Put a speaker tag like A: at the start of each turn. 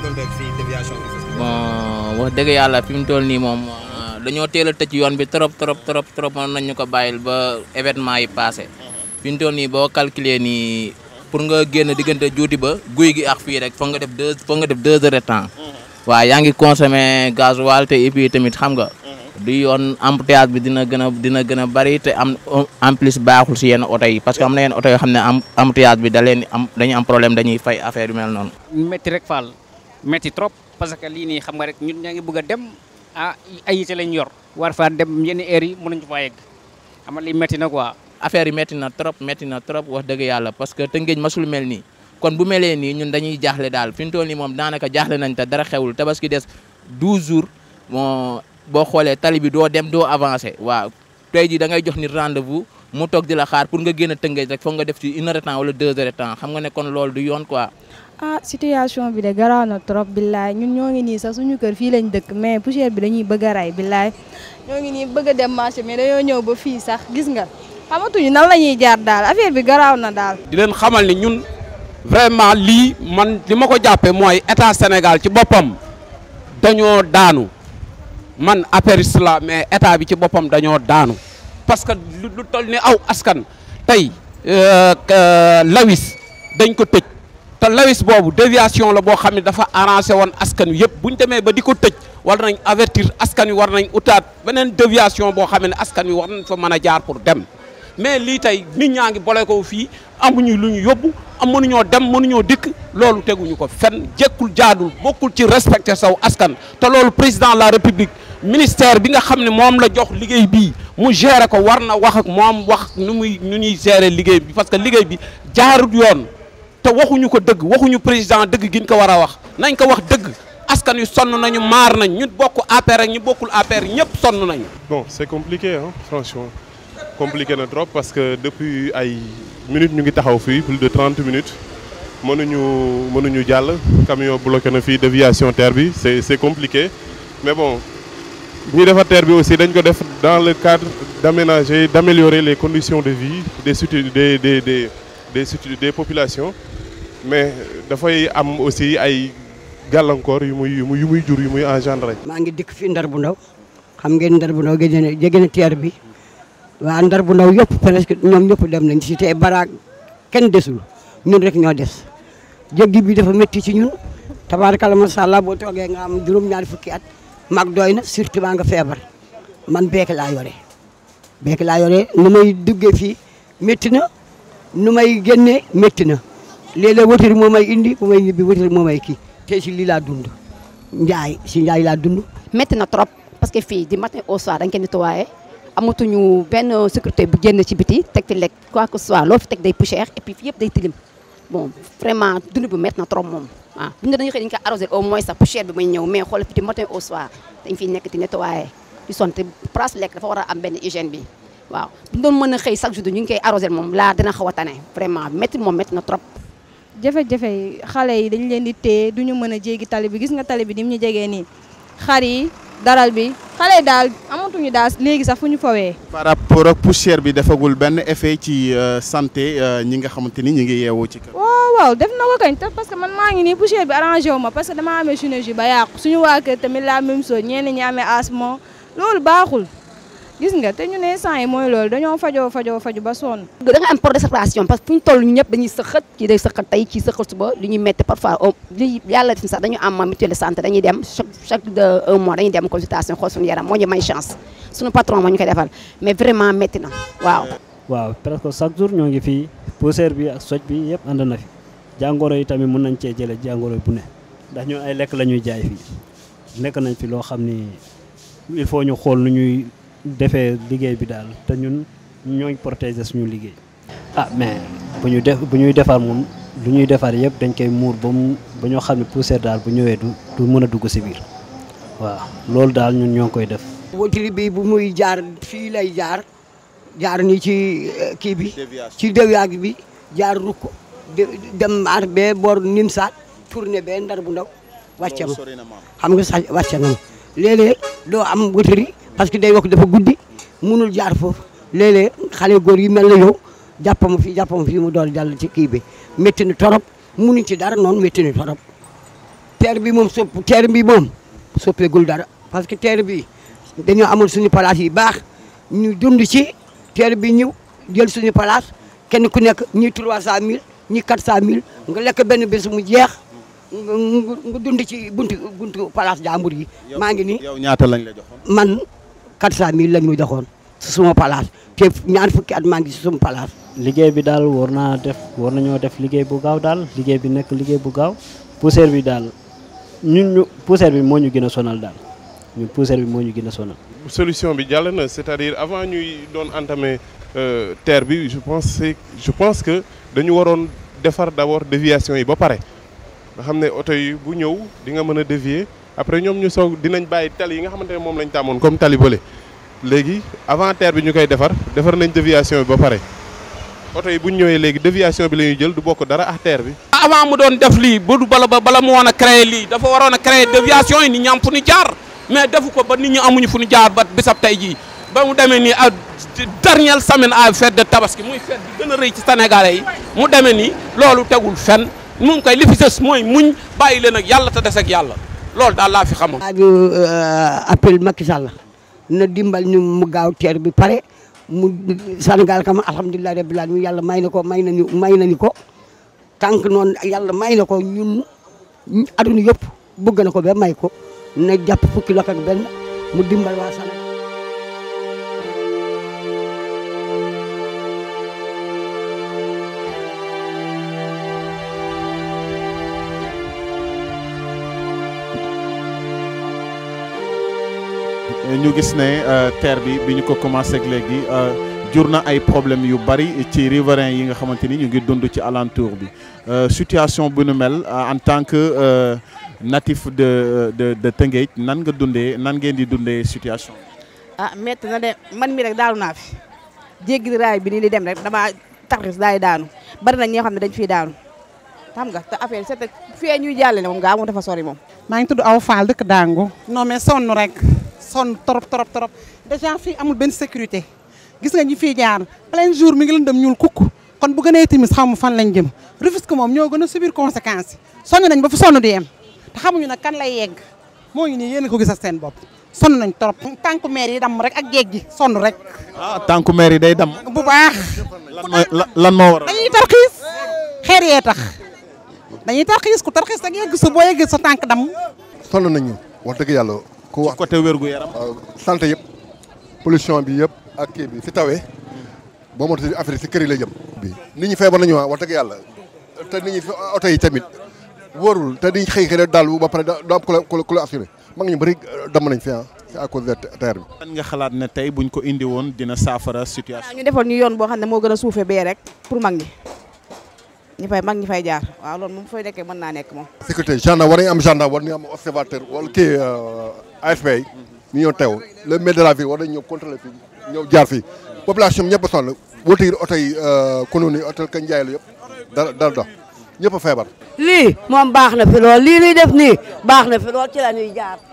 A: bon wax dëgg yàlla fi mu toll nii moom euh, dañoo teel a yoon bi trop trop trop trop mën nañ ñu ko bàyyil ba événement yi passé fi mu toll nii boo calculer ni pour nga génn diggante juuti ba guy gi ak fii rek foog nga def deux foog nga def deux heures de temps waaw yaa ngi consommé gasoil te et puis tamit xam nga du yoon embouteillage bi dina a dina gën a bëri en plus baaxul si yenn oto yi parce que am na yenn oto yoo xam ne am problème dañuy fay affaire yu noonu.
B: métti rek Fall. métti trop parce que lii nii xam nga rek ñun ñaa ngi bëgg a dem ah ay yite lañ yor war faa dem yenn heure
A: yi mënuñ faa yegg xam nga lii métti na quoi affaire yi métti na trop métti na trop wax dëgg yàlla parce que Tëngéej masul mel ni kon bu melee nii ñun dañuy jaaxle daal fi mu toll nii moom daanaka jaaxle nañ te dara xewul tabaski des 12 jours moo boo xoolee tali bi doo dem doo avancé waaw tey jii da ngay jox ni rendez-vous mu toog di la xaar pour nga génn Tëngéej rek foog nga def ci une heure wala deux heures temps xam nga ne loolu du yoon quoi
B: ah situation bi de garaaw na trop billaay ñun ñoo ngi nii sax suñu kër fii lañ dëkk mais poussière bi dañuy bëgg a rey ñoo ngi nii bëgg a dem marché mais dañoo ñëw ba fii sax gis nga xamatuñu nan la ñuy jaar daal affaire bi garaaw na daal. di
C: leen xamal ni ñun vraiment lii man li ma ko jàppe mooy état Sénégal ci boppam dañoo daanu man appareil la mais état bi ci boppam dañoo daanu parce que lu toll ni aw askan tey euh, euh, lawis dañ ko tëj. te lawis boobu déviation la boo xam ne dafa arrangé woon askan wi yëpp bu ñu demee ba di ko tëj war nañ avertir askan wi war nañ utaat beneen déviation boo xam ne askan wi war nañ fa mën a jaar pour dem mais lii tey nit ñaa ngi bole ko fii amuñu lu ñu yóbbu am mënuñoo dem mënuñoo dikk loolu teguñu ko fenn jekkul jaadul bokkul ci respecter saw askan te loolu président la république ministère bi nga xam ne moom la jox liggéey bi mu gere ko war na wax ak moom wax nu muy nu ñuy gérer liggéey bi parce que liggéey bi jaarut yoon te waxuñu ko dëgg waxuñu président dëgg gi ko war a wax nañ ko wax dëgg askan wi sonn nañu maar nañ ñu bokk APR ak ñu bokkul APR ñëpp sonn nañu. bon c'est compliqué
D: hein franchement compliqué na trop parce que depuis ay minutes ñu ngi taxaw fii plus de trente minutes mënuñu mënuñu jàll camion bloqué na fii déviation terre bi c'est c'est compliqué mais bon. ñi defar terre bi aussi dañ ko def dans le cadre d'aménager d'améliorer les conditions de vie des des des des des des populations mais dafay am aussi ay gàllankoor yu
B: muy yu muy jur yu muy engendré. maa ngi dikk fi ndar bu ndaw xam ngeen ndar bu ndaw géej na jege na teer bi waa ndar bu ndaw yëpp presque ñoom ñëpp dem nañ ci te baraag kenn desul ñun rek ñoo des jéggi bi dafa métti ci ñun tabaarkalla macha allah boo toogee nga am juróom-ñaari fukki at mag doy na surtout maa nga feebar man beek laa yore beek laa yore nu may duggee fii métti na nu may génnee metti na. léeg-léeg wëtër moo may indi bu may ñibbi wëtër moo may kii te si lii laa dund njaay si njaay laa dund. métti na trop parce que fii di matin au soir dañ koy nettoyé amatuñu benn sécurité bu génn ci biti teg fi lekk quoi que soit loo fi teg day poussière et puis yëpp day tilim bon vraiment dund bi métti na trop moom. waaw bu ñu dañuy xëy dañu ko arrosé au moins sax poussière bi mais xoolal fi di matin au soir dañ fiy nekk place lekk dafa war a am benn hygiène bi waaw bu ñu doon mën a xëy chaque jour ñu ngi koy arrosé moom laa dina xaw a vraiment métti moom métti na jafe-jafe xale yi dañ leen di du ñu mën a jéggi tali bi gis nga tali bi ni mu ñu jegee nii xar yi daral bi xale yi daal amatuñu daal léegi sax fu ñu fawee. par
D: rapport ak poussière bi defagul benn effet ci euh, santé euh, ñi nga xamante ni ñu ngi ci kër.
B: waaw waaw def na ko kañ te parce que man maa ngi nii poussière bi arrangé wu ma parce que damaa amee chirurgie ba yàqu suñu waa kër tamit la même chose ñenn ñi amee asthme loolu baaxul. gis nga te ñu ne sant mooy loolu dañoo fajoo fajoo faju ba sonn da nga am port de séparation parce que fu ñu toll ñu ñëpp dañuy sëqat kii day sëqat tey kii sëqat suba li ñuy métti parfois li yàlla def sax dañu am mutuelle santé dañuy dem chaque chaque de un mois dañuy dem consultation xool suñu yaram moo ñu may chance suñu patron moo ñu koy defal mais vraiment métti na waaw presque chaque jour ñoo ngi fii poussière bi ak soj bi yëpp ànd na fi jàngoro yi tamit mën nañ cee jëlee jàngoro bu ne ndax ñun lekk la ñuy jaay fii nekk nañ fi loo xam ni il faut ñu xool nu ñuy defee liggéey bi daal te ñun ñooñ protéger suñu liggéey. ah mais bu ñu def bu ñuy defar moom lu ñuy defar yëpp dañ koy muur ba mu ba ñoo xam ne poussière daal bu ñëwee du du mën a dugg si biir waaw loolu daal ñun ñoo ngi koy def. wotiri bi bu muy jaar fii lay jaar jaar ni ci eh, kii bi. ci déviage bi jaar rukko dem maar bee boor Nimsaat tourné bee ndar bu ndaw wàcce ma xam nga sax wàcce na ma léeg-léeg doo am wotiri parce que day wax dafa guddi munul jaar foofu léeg-léeg xale góor yi mel na yow jàppama fii jàppama fii mu dool dal ci kii bi métti na torop munuñ ci dara noonu métti na torop terre bi moom sopp terre bi moom soppeegul dara parce que terre bi dañoo amul suñu place yi baax ñu dund ci terre bi ñëw jël suñu place kenn ku nekk ñi trois cent mille ñi quatre cent mille nga lekk benn bés mu jeex nga dund ci bunt buntu place jàmbur yi maa ngi ni ñaata lañ la joxoon man 400000 lañ muy joxoon si suma palaas te ñaar fukki at maa ngi si suma palaas. liggéey bi daal war naa def war nañoo def liggéey bu gaaw daal liggéey bi nekk liggéey bu gaaw poussière bi daal ñun ñu poussière bi moo ñu gën a sonal daal ñun poussière bi moo ñu gën a sonal.
D: solution bi jàll na c'est-à-dire avant ñuy doon entamer euh, terre bi je pense je pense que dañu waroon defar d'abord déviation yi ba pare a xam ne oto yi bu ñëw di nga mën a dévier. après ñoom ñu soog dinañ bàyyi tali yi nga xamante ne moom lañ tàmmoon comme tali bële léegi avant terre bi ñu koy defar defar nañ déviation bi ba pare oto yi bu ñu ñëwee léegi déviation bi la jël du bokk dara ak terre bi.
C: avant mu doon def lii bu bala ba bala mu woon a créer lii dafa waroon a créer déviation yi ni ñi am fu ñu jaar mais defu ko ba nit ñu amuñu fu ñu jaar ba bisab tey jii ba mu demee nii à dernière semaine à fête de tabaski muy fête bi a rëy ci sénégalais mu demee nii loolu tegul fenn mu ngi koy mooy muñ bàyyi leen ak yàlla te des ak yàlla. loolu daal laa fi xamoon. rajo
B: euh, appel Macky Sall na dimbal ñu mu gaaw teer bi pare mu Sénégal kam alhamdulilah rabbil alamin yàlla may na ko may nañu may nañu ko tànk noonu yàlla may na ko ñun aduna yëpp bëgg na ko ba may ko na jàpp fukki loxo ak benn mu dimbal waa
D: ñu gis ne euh, terre bi bi ñu ko commencé ak léegi euh, jur na ay problème yu bari ci riverains yi nga xamante ni ñu ngi dund ci alentour bi euh, situation bu nu mel en tant que natif de de de Tëngéej nan nga dundee nan ngeen di dundee situation
B: a ah, métti na de man mi rek daanu naa fi jéggi raay bi nii di dem rek damaa taxis daay daanu bari na ñoo xam ne dañ fiy daanu xam nga te affaire yi c'est fee ñuy jàllale moom gaa moom dafa sori moom. maa ngi tudd aw
C: Fall dëkk Dangu. non mais sonn rek. sonn trop trop trop déjà fii amul benn sécurité gis nga ñi fii jaar plein jour mi ngi leen dem ñuul kukk kon bu gënee timis xamu fan lañ jëm Rufisque moom ñoo gën a subir conséquence yi sonn nañ ba fu sonn di yem te xamuñu nag kan lay yegg moo ngi nii yéen ko gis ak seen bopp sonn nañ trop. tànku maire yi dam rek ak géej gi sonn rek.
D: ah tànku maire yi day damm. bu baax. lan moo lan moo waral
C: dañuy tarxiis xeer yee tax dañuy tarxiis ku tarxiis da ngay gis boo yeggee sa tànk damm.
D: sonn nañu wax dëgg yàlla. ko wax côté wérgu yaram. santé yëpp pollution bi yëpp ak kii bi si tawee boo moytuwul affaire yi si kër yi la jëm. nit ñi feebar nañu wax dëgg yàlla te nit ñi oto yi ba pare doo am ku la ku la assuré mag ñu bëri euh, damm nañ fi ah. à cause ko indi woon dina saafara situation. ñu
B: defoon ñu yoon ne moo a suufee bee rek pour mag ñi ñi fay mag ñi fay jaar waaw loolu moom fooy nekkee mën naa nekk moom.
D: sécurité gendarme war nañu am gendarme war nañu am observateur wala kii. Euh, AFP yi ñu ñëw teew le maire de la ville war nañu ñëw contrôler fii ñëw jaar fii population bi ñëpp a sonn boo tëjee oto yi konoon euh, yi la yëpp
B: dara dara dox ñëpp a feebar. lii moom baax na fi lool lii ñuy def nii baax na fi lool ci la jaar.